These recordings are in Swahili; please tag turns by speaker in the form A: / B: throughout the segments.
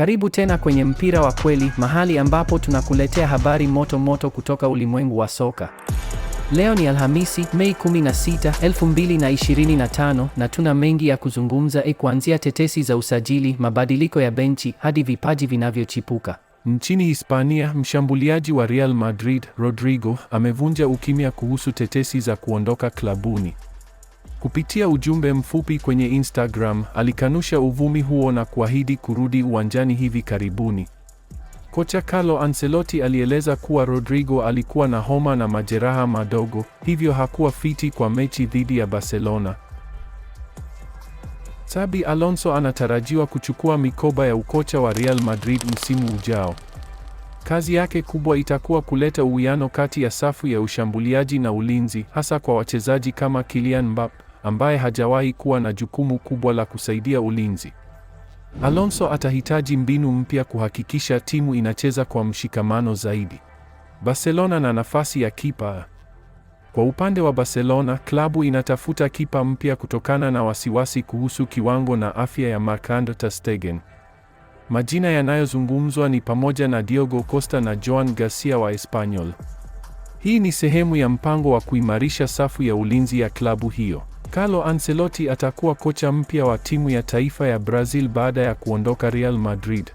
A: Karibu tena kwenye Mpira wa Kweli, mahali ambapo tunakuletea habari moto moto kutoka ulimwengu wa soka. Leo ni Alhamisi, Mei 16, 2025 na tuna mengi ya kuzungumza, e, kuanzia tetesi za usajili, mabadiliko ya benchi hadi vipaji vinavyochipuka.
B: Nchini Hispania, mshambuliaji wa Real Madrid Rodrigo amevunja ukimya kuhusu tetesi za kuondoka klabuni. Kupitia ujumbe mfupi kwenye Instagram, alikanusha uvumi huo na kuahidi kurudi uwanjani hivi karibuni. Kocha Carlo Ancelotti alieleza kuwa Rodrigo alikuwa na homa na majeraha madogo, hivyo hakuwa fiti kwa mechi dhidi ya Barcelona. Xabi Alonso anatarajiwa kuchukua mikoba ya ukocha wa Real Madrid msimu ujao. Kazi yake kubwa itakuwa kuleta uwiano kati ya safu ya ushambuliaji na ulinzi, hasa kwa wachezaji kama Kylian Mbappe ambaye hajawahi kuwa na jukumu kubwa la kusaidia ulinzi. Alonso atahitaji mbinu mpya kuhakikisha timu inacheza kwa mshikamano zaidi. Barcelona na nafasi ya kipa. Kwa upande wa Barcelona, klabu inatafuta kipa mpya kutokana na wasiwasi kuhusu kiwango na afya ya Marc-Andre ter Stegen. Majina yanayozungumzwa ni pamoja na Diogo Costa na Joan Garcia wa Espanyol. Hii ni sehemu ya mpango wa kuimarisha safu ya ulinzi ya klabu hiyo. Carlo Ancelotti atakuwa kocha mpya wa timu ya taifa ya Brazil baada ya kuondoka Real Madrid.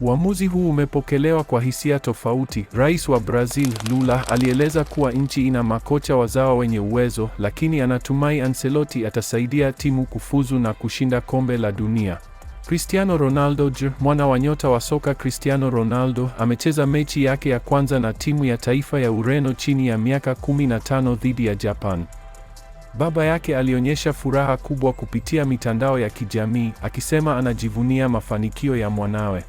B: Uamuzi huu umepokelewa kwa hisia tofauti. Rais wa Brazil, Lula, alieleza kuwa nchi ina makocha wazawa wenye uwezo, lakini anatumai Ancelotti atasaidia timu kufuzu na kushinda kombe la dunia. Cristiano Ronaldo j mwana wa nyota wa soka Cristiano Ronaldo amecheza mechi yake ya kwanza na timu ya taifa ya Ureno chini ya miaka 15 dhidi ya Japan. Baba yake alionyesha furaha kubwa kupitia mitandao ya kijamii akisema anajivunia mafanikio ya mwanawe.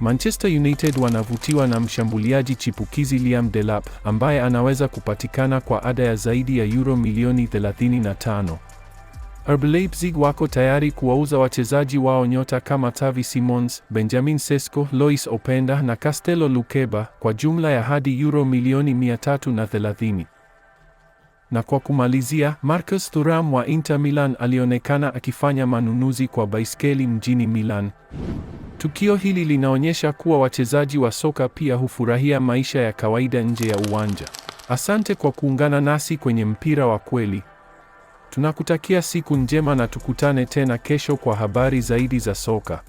B: Manchester United wanavutiwa na mshambuliaji chipukizi Liam Delap ambaye anaweza kupatikana kwa ada ya zaidi ya euro milioni 35. RB Leipzig wako tayari kuwauza wachezaji wao nyota kama Xavi Simons, Benjamin Sesko, Lois Openda na Castello Lukeba kwa jumla ya hadi euro milioni 330. Na kwa kumalizia, Marcus Thuram wa Inter Milan alionekana akifanya manunuzi kwa baiskeli mjini Milan. Tukio hili linaonyesha kuwa wachezaji wa soka pia hufurahia maisha ya kawaida nje ya uwanja. Asante kwa kuungana nasi kwenye Mpira wa Kweli. Tunakutakia siku njema na tukutane tena kesho kwa habari zaidi za soka.